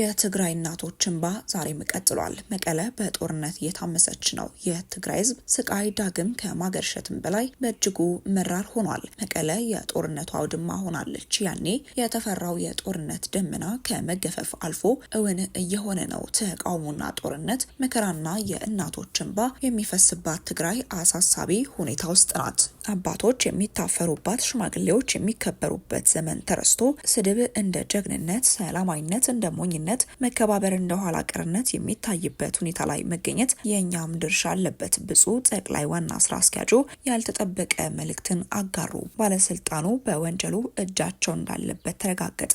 የትግራይ እናቶች እንባ ዛሬም ቀጥሏል። መቀለ በጦርነት እየታመሰች ነው። የትግራይ ህዝብ ስቃይ ዳግም ከማገርሸትም በላይ በእጅጉ መራር ሆኗል። መቀለ የጦርነቱ አውድማ ሆናለች። ያኔ የተፈራው የጦርነት ደመና ከመገፈፍ አልፎ እውን እየሆነ ነው። ተቃውሞና ጦርነት፣ መከራና የእናቶች እንባ የሚፈስባት ትግራይ አሳሳቢ ሁኔታ ውስጥ ናት። አባቶች የሚታፈሩባት፣ ሽማግሌዎች የሚከበሩበት ዘመን ተረስቶ ስድብ እንደ ጀግንነት፣ ሰላማዊነት እንደ ሞኝነት መከባበር እንደ ኋላ ቀርነት የሚታይበት ሁኔታ ላይ መገኘት የእኛም ድርሻ አለበት። ብፁዕ ጠቅላይ ዋና ስራ አስኪያጁ ያልተጠበቀ መልእክትን አጋሩ። ባለስልጣኑ በወንጀሉ እጃቸው እንዳለበት ተረጋገጠ።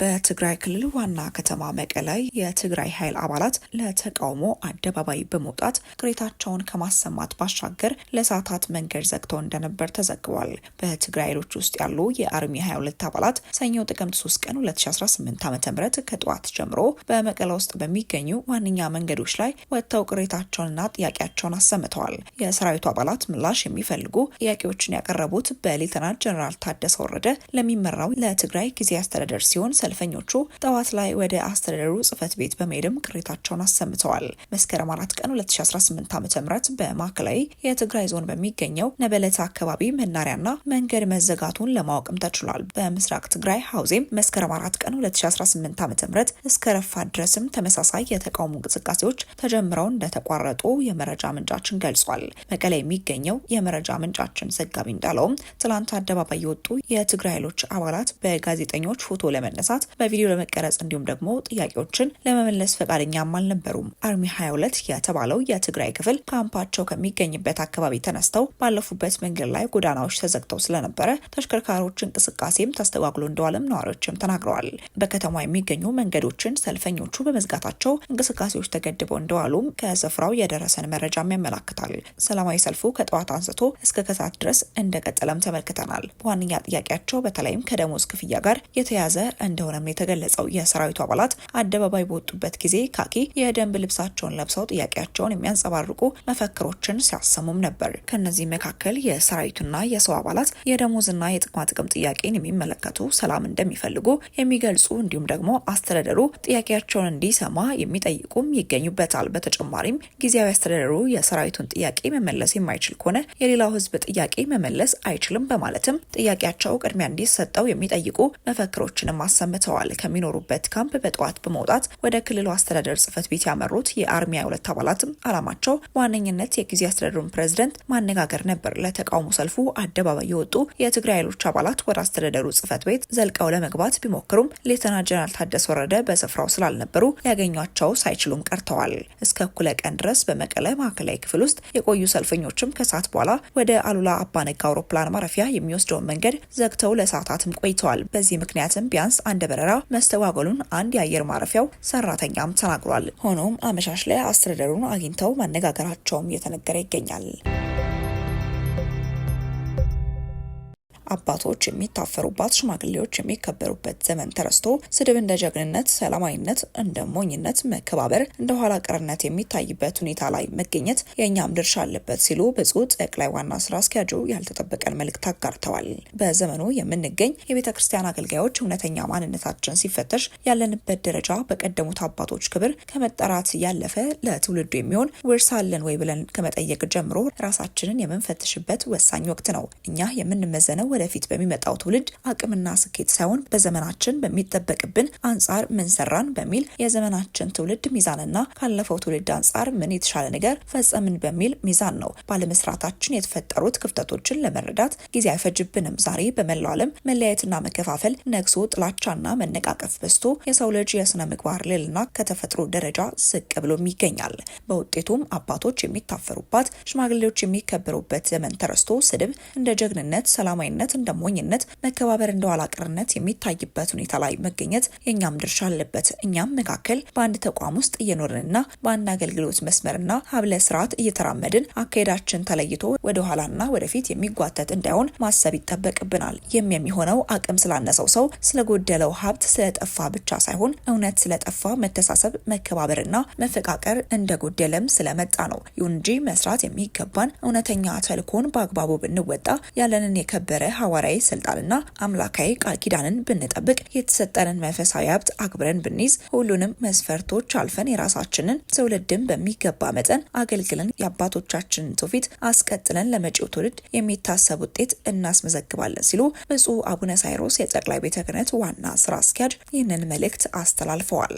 በትግራይ ክልል ዋና ከተማ መቀለ የትግራይ ኃይል አባላት ለተቃውሞ አደባባይ በመውጣት ቅሬታቸውን ከማሰማት ባሻገር ለሰዓታት መንገድ ዘግተው እንደነበር ተዘግቧል። በትግራይ ኃይሎች ውስጥ ያሉ የአርሚ 22 አባላት ሰኞ ጥቅምት 3 ቀን 2018 ዓ ም ከጠዋት ጀምሮ በመቀለ ውስጥ በሚገኙ ዋነኛ መንገዶች ላይ ወጥተው ቅሬታቸውንና ጥያቄያቸውን አሰምተዋል። የሰራዊቱ አባላት ምላሽ የሚፈልጉ ጥያቄዎችን ያቀረቡት በሌተናንት ጀኔራል ታደሰ ወረደ ለሚመራው ለትግራይ ጊዜ አስተዳደር ሲሆን ሰልፈኞቹ ጠዋት ላይ ወደ አስተዳደሩ ጽህፈት ቤት በመሄድም ቅሬታቸውን አሰምተዋል። መስከረም አራት ቀን 2018 ዓ ም በማዕከላዊ የትግራይ ዞን በሚገኘው ነበለታ አካባቢ መናሪያና መንገድ መዘጋቱን ለማወቅም ተችሏል። በምስራቅ ትግራይ ሀውዜም መስከረም አራት ቀን 2018 ዓ ም እስከ ረፋ ድረስም ተመሳሳይ የተቃውሞ እንቅስቃሴዎች ተጀምረው እንደተቋረጡ የመረጃ ምንጫችን ገልጿል። መቀሌ የሚገኘው የመረጃ ምንጫችን ዘጋቢ እንዳለውም ትላንት አደባባይ የወጡ የትግራይ ኃይሎች አባላት በጋዜጠኞች ፎቶ ለመነሳት ለማንሳት በቪዲዮ ለመቀረጽ እንዲሁም ደግሞ ጥያቄዎችን ለመመለስ ፈቃደኛም አልነበሩም። አርሚ 22 የተባለው የትግራይ ክፍል ካምፓቸው ከሚገኝበት አካባቢ ተነስተው ባለፉበት መንገድ ላይ ጎዳናዎች ተዘግተው ስለነበረ ተሽከርካሪዎች እንቅስቃሴም ተስተጓግሎ እንደዋለም ነዋሪዎችም ተናግረዋል። በከተማ የሚገኙ መንገዶችን ሰልፈኞቹ በመዝጋታቸው እንቅስቃሴዎች ተገድበው እንደዋሉም ከስፍራው የደረሰን መረጃም ያመላክታል። ሰላማዊ ሰልፉ ከጠዋት አንስቶ እስከ ከሰዓት ድረስ እንደቀጠለም ተመልክተናል። በዋነኛ ጥያቄያቸው በተለይም ከደሞዝ ክፍያ ጋር የተያዘ እንደ እንደሆነም የተገለጸው የሰራዊቱ አባላት አደባባይ በወጡበት ጊዜ ካኪ የደንብ ልብሳቸውን ለብሰው ጥያቄያቸውን የሚያንጸባርቁ መፈክሮችን ሲያሰሙም ነበር። ከነዚህ መካከል የሰራዊቱና የሰው አባላት የደሞዝና የጥቅማ ጥቅም ጥያቄን የሚመለከቱ ሰላም እንደሚፈልጉ የሚገልጹ እንዲሁም ደግሞ አስተዳደሩ ጥያቄያቸውን እንዲሰማ የሚጠይቁም ይገኙበታል። በተጨማሪም ጊዜያዊ አስተዳደሩ የሰራዊቱን ጥያቄ መመለስ የማይችል ከሆነ የሌላው ህዝብ ጥያቄ መመለስ አይችልም በማለትም ጥያቄያቸው ቅድሚያ እንዲሰጠው የሚጠይቁ መፈክሮችንም አሰም ሰምተዋል። ከሚኖሩበት ካምፕ በጠዋት በመውጣት ወደ ክልሉ አስተዳደር ጽህፈት ቤት ያመሩት የአርሚ ሁለት አባላትም አላማቸው በዋነኝነት የጊዜ አስተዳደሩን ፕሬዝደንት ማነጋገር ነበር። ለተቃውሞ ሰልፉ አደባባይ የወጡ የትግራይ ኃይሎች አባላት ወደ አስተዳደሩ ጽህፈት ቤት ዘልቀው ለመግባት ቢሞክሩም ሌተና ጀነራል ታደሰ ወረደ በስፍራው ስላልነበሩ ሊያገኟቸው ሳይችሉም ቀርተዋል። እስከ እኩለ ቀን ድረስ በመቀለ ማዕከላዊ ክፍል ውስጥ የቆዩ ሰልፈኞችም ከሰዓት በኋላ ወደ አሉላ አባነጋ አውሮፕላን ማረፊያ የሚወስደውን መንገድ ዘግተው ለሰዓታትም ቆይተዋል። በዚህ ምክንያትም ቢያንስ አንድ አንድ በረራ መስተጓጎሉን አንድ የአየር ማረፊያው ሰራተኛም ተናግሯል። ሆኖም አመሻሽ ላይ አስተዳደሩን አግኝተው ማነጋገራቸውም እየተነገረ ይገኛል። አባቶች የሚታፈሩባት፣ ሽማግሌዎች የሚከበሩበት ዘመን ተረስቶ ስድብ እንደ ጀግንነት፣ ሰላማዊነት እንደ ሞኝነት፣ መከባበር እንደ ኋላ ቀርነት የሚታይበት ሁኔታ ላይ መገኘት የእኛም ድርሻ አለበት ሲሉ ብፁዕ ጠቅላይ ዋና ስራ አስኪያጁ ያልተጠበቀን መልእክት አጋርተዋል። በዘመኑ የምንገኝ የቤተ ክርስቲያን አገልጋዮች እውነተኛ ማንነታችን ሲፈተሽ ያለንበት ደረጃ በቀደሙት አባቶች ክብር ከመጠራት ያለፈ ለትውልዱ የሚሆን ውርስ አለን ወይ ብለን ከመጠየቅ ጀምሮ ራሳችንን የምንፈትሽበት ወሳኝ ወቅት ነው። እኛ የምንመዘነው ወደፊት በሚመጣው ትውልድ አቅምና ስኬት ሳይሆን በዘመናችን በሚጠበቅብን አንጻር ምን ሰራን በሚል የዘመናችን ትውልድ ሚዛንና ካለፈው ትውልድ አንጻር ምን የተሻለ ነገር ፈጸምን በሚል ሚዛን ነው። ባለመስራታችን የተፈጠሩት ክፍተቶችን ለመረዳት ጊዜ አይፈጅብንም። ዛሬ በመላው ዓለም መለያየትና መከፋፈል ነግሶ ጥላቻና መነቃቀፍ በዝቶ የሰው ልጅ የስነ ምግባር ልዕልና ከተፈጥሮ ደረጃ ዝቅ ብሎም ይገኛል። በውጤቱም አባቶች የሚታፈሩባት ሽማግሌዎች የሚከበሩበት ዘመን ተረስቶ ስድብ እንደ ጀግንነት፣ ሰላማዊነት ሞኝነት እንደ ሞኝነት፣ መከባበር እንደ ኋላቀርነት የሚታይበት ሁኔታ ላይ መገኘት የእኛም ድርሻ አለበት። እኛም መካከል በአንድ ተቋም ውስጥ እየኖርንና በአንድ አገልግሎት መስመርና ሀብለ ስርዓት እየተራመድን አካሄዳችን ተለይቶ ወደኋላና ወደፊት የሚጓተት እንዳይሆን ማሰብ ይጠበቅብናል። ይህም የሚሆነው አቅም ስላነሰው ሰው፣ ስለጎደለው ሀብት፣ ስለጠፋ ብቻ ሳይሆን እውነት ስለጠፋ መተሳሰብ፣ መከባበርና መፈቃቀር እንደጎደለም ስለመጣ ነው። ይሁን እንጂ መስራት የሚገባን እውነተኛ ተልኮን በአግባቡ ብንወጣ ያለንን የከበረ ሐዋርያዊ ስልጣንና አምላካዊ ቃል ኪዳንን ብንጠብቅ የተሰጠንን መንፈሳዊ ሀብት አክብረን ብንይዝ ሁሉንም መስፈርቶች አልፈን የራሳችንን ትውልድን በሚገባ መጠን አገልግለን የአባቶቻችንን ትውፊት አስቀጥለን ለመጪው ትውልድ የሚታሰብ ውጤት እናስመዘግባለን ሲሉ ብፁዕ አቡነ ሳይሮስ የጠቅላይ ቤተ ክህነት ዋና ስራ አስኪያጅ ይህንን መልእክት አስተላልፈዋል።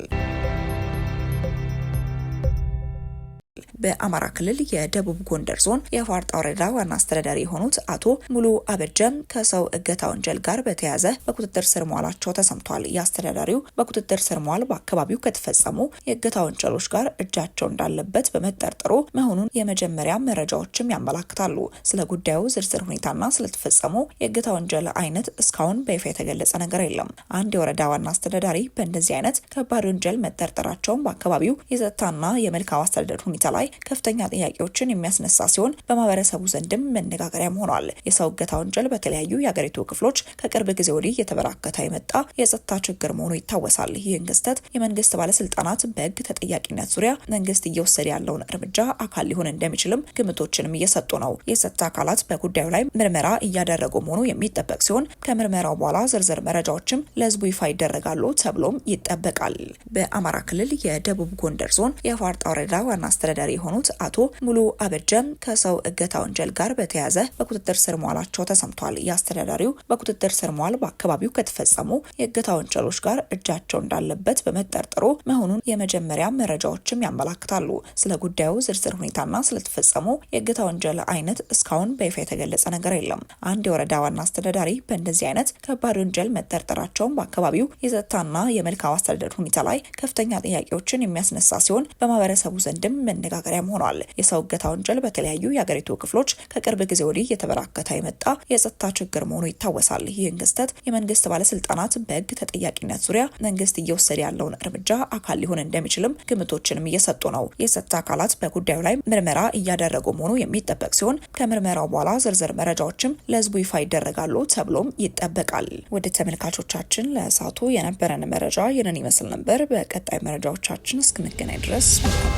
በአማራ ክልል የደቡብ ጎንደር ዞን የፋርጣ ወረዳ ዋና አስተዳዳሪ የሆኑት አቶ ሙሉ አበጀም ከሰው እገታ ወንጀል ጋር በተያያዘ በቁጥጥር ስር መዋላቸው ተሰምቷል። የአስተዳዳሪው በቁጥጥር ስር መዋል በአካባቢው ከተፈጸሙ የእገታ ወንጀሎች ጋር እጃቸው እንዳለበት በመጠርጠሩ መሆኑን የመጀመሪያ መረጃዎችም ያመላክታሉ። ስለ ጉዳዩ ዝርዝር ሁኔታና ስለተፈጸሙ የእገታ ወንጀል አይነት እስካሁን በይፋ የተገለጸ ነገር የለም። አንድ የወረዳ ዋና አስተዳዳሪ በእንደዚህ አይነት ከባድ ወንጀል መጠርጠራቸውን በአካባቢው የጸጥታና የመልካም አስተዳደር ሁኔታ ላይ ከፍተኛ ጥያቄዎችን የሚያስነሳ ሲሆን በማህበረሰቡ ዘንድም መነጋገሪያም ሆኗል። የሰው እገታ ወንጀል በተለያዩ የአገሪቱ ክፍሎች ከቅርብ ጊዜ ወዲህ እየተበራከተ የመጣ የጸጥታ ችግር መሆኑ ይታወሳል። ይህን ክስተት የመንግስት ባለስልጣናት በህግ ተጠያቂነት ዙሪያ መንግስት እየወሰደ ያለውን እርምጃ አካል ሊሆን እንደሚችልም ግምቶችንም እየሰጡ ነው። የጸጥታ አካላት በጉዳዩ ላይ ምርመራ እያደረጉ መሆኑ የሚጠበቅ ሲሆን ከምርመራው በኋላ ዝርዝር መረጃዎችም ለህዝቡ ይፋ ይደረጋሉ ተብሎም ይጠበቃል። በአማራ ክልል የደቡብ ጎንደር ዞን የፋርጣ ወረዳ ዋና አስተዳዳሪ የሆኑት አቶ ሙሉ አበጀም ከሰው እገታ ወንጀል ጋር በተያያዘ በቁጥጥር ስር መዋላቸው ተሰምቷል። የአስተዳዳሪው በቁጥጥር ስር መዋል በአካባቢው ከተፈጸሙ የእገታ ወንጀሎች ጋር እጃቸው እንዳለበት በመጠርጠሩ መሆኑን የመጀመሪያ መረጃዎችም ያመላክታሉ። ስለ ጉዳዩ ዝርዝር ሁኔታና ስለተፈጸሙ የእገታ ወንጀል አይነት እስካሁን በይፋ የተገለጸ ነገር የለም። አንድ የወረዳ ዋና አስተዳዳሪ በእንደዚህ አይነት ከባድ ወንጀል መጠርጠራቸውን በአካባቢው የጸጥታና የመልካም አስተዳደር ሁኔታ ላይ ከፍተኛ ጥያቄዎችን የሚያስነሳ ሲሆን በማህበረሰቡ ዘንድም መነጋገ መነጋገሪያም ሆኗል። የሰው እገታ ወንጀል በተለያዩ የአገሪቱ ክፍሎች ከቅርብ ጊዜ ወዲህ እየተበራከተ የመጣ የጸጥታ ችግር መሆኑ ይታወሳል። ይህን ክስተት የመንግስት ባለስልጣናት በህግ ተጠያቂነት ዙሪያ መንግስት እየወሰደ ያለውን እርምጃ አካል ሊሆን እንደሚችልም ግምቶችንም እየሰጡ ነው። የጸጥታ አካላት በጉዳዩ ላይ ምርመራ እያደረጉ መሆኑ የሚጠበቅ ሲሆን ከምርመራው በኋላ ዝርዝር መረጃዎችም ለህዝቡ ይፋ ይደረጋሉ ተብሎም ይጠበቃል። ወደ ተመልካቾቻችን ለእሳቱ የነበረን መረጃ ይህንን ይመስል ነበር። በቀጣይ መረጃዎቻችን እስክንገናኝ ድረስ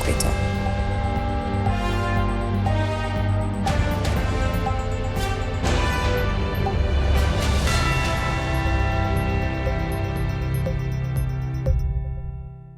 ቆይታ